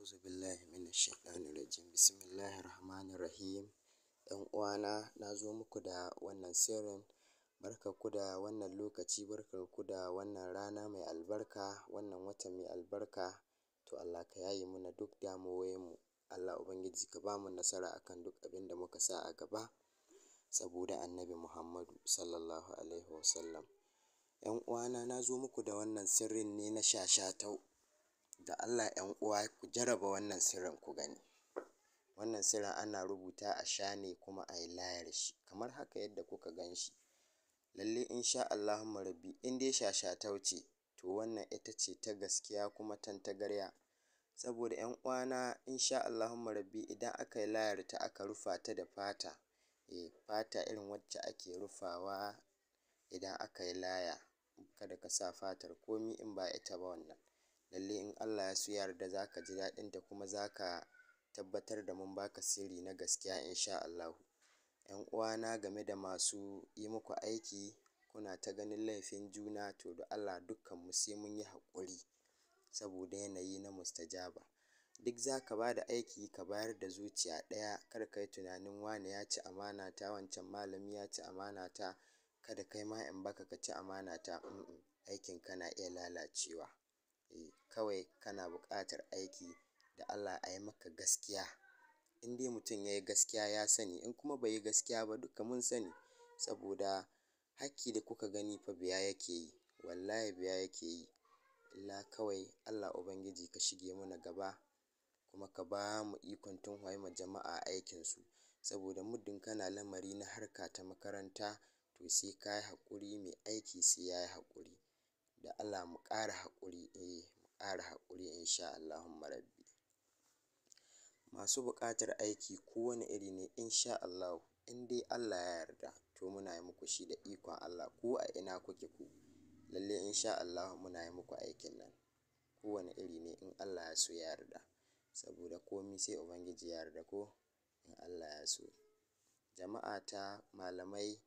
A'udhu billahi minash shaitanir rajim. Bismillahir rahmanir rahim. ‘Yan uwana, na muku da wannan sirrin. Barkanku da wannan lokaci, barkanku da wannan rana mai albarka, wannan wata mai albarka. To Allah ka yayi muna duk mu Allah Ubangiji ka ba mu nasara akan duk abin da muka sa a gaba saboda Annabi Muhammadu sallallahu alaihi wasallam. ‘Yan uwana, na muku da wannan sirrin ne na shashatau. Da Allah ‘yan uwa ku jarraba wannan sirrin ku gani. Wannan sirrin ana rubuta a sha ne kuma a yi layar shi kamar haka yadda kuka gan shi. lallai in sha Allahumma rabbi in dai shashatau ce to wannan ita ce ta gaskiya kuma tantagarya. Saboda ‘yan uwana in sha Allahumma rabbi idan aka yi layar ta aka rufa ta da fata, eh fata irin wacce ake rufawa idan aka yi laya. Kada ka sa fatar komi in ba ita ba wannan. lallai in Allah ya so yarda za ka ji ta kuma za ka tabbatar da mun baka sirri na gaskiya sha Allahu. ‘Yan uwana game da masu yi muku aiki kuna ta ganin laifin juna to da Allah dukkan mu sai mun yi haƙuri saboda yanayi na mustajaba. Duk za ka ba da aiki ka bayar da zuciya ɗaya kar ka yi tunanin wane ya ci amana ta wancan malami ya ci amana ta kada kai ma in baka ka ci amana ta, aikin kana iya lalacewa. eh kawai kana buƙatar aiki da Allah a yi maka gaskiya. In dai mutum ya yi gaskiya ya sani in kuma bai yi gaskiya ba duka mun sani saboda hakki da kuka gani fa biya yake yi wallahi biya yake yi. Illa kawai Allah Ubangiji ka shige mana gaba kuma ka ba mu ikon tunwaye ma jama'a aikinsu saboda muddin kana lamari na harka ta makaranta to sai ka yi haƙuri mai aiki sai ya yi haƙuri. da Allah mu ƙara haƙuri eh mu ƙara haƙuri insha Allahumma rabbi masu buƙatar aiki kowane iri ne insha Allahu in dai Allah ya yarda to muna yi muku shi da ikon Allah ko a ina kuke ku lalle insha Allahu muna yi muku aikin nan kowane iri ne in Allah ya so ya yarda saboda komi sai Ubangiji ya yarda ko in Allah ya so jama'a ta malamai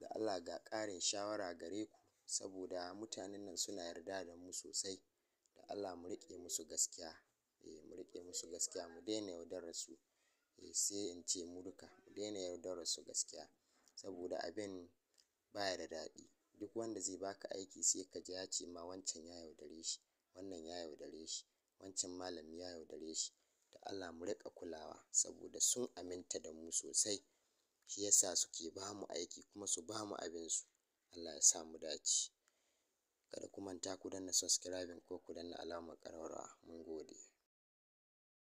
da Allah ga ƙarin shawara gare ku saboda mutanen nan suna yarda da mu sosai da Allah mu riƙe musu gaskiya eh mu riƙe musu gaskiya mu daina yaudarar su eh sai in ce mu duka mu daina yaudarar su gaskiya saboda abin baya da daɗi duk wanda zai baka aiki sai ka ji ya ce ma wancan ya yaudare shi wannan ya yaudare shi wancan malami ya yaudare shi da Allah mu riƙa kulawa saboda sun aminta da mu sosai shi yasa suke bamu aiki kuma su bamu abin su Allah ya sa mu dace. Kada ku manta ku danna subscribing ko ku danna alamar ƙararrawa. Mun gode.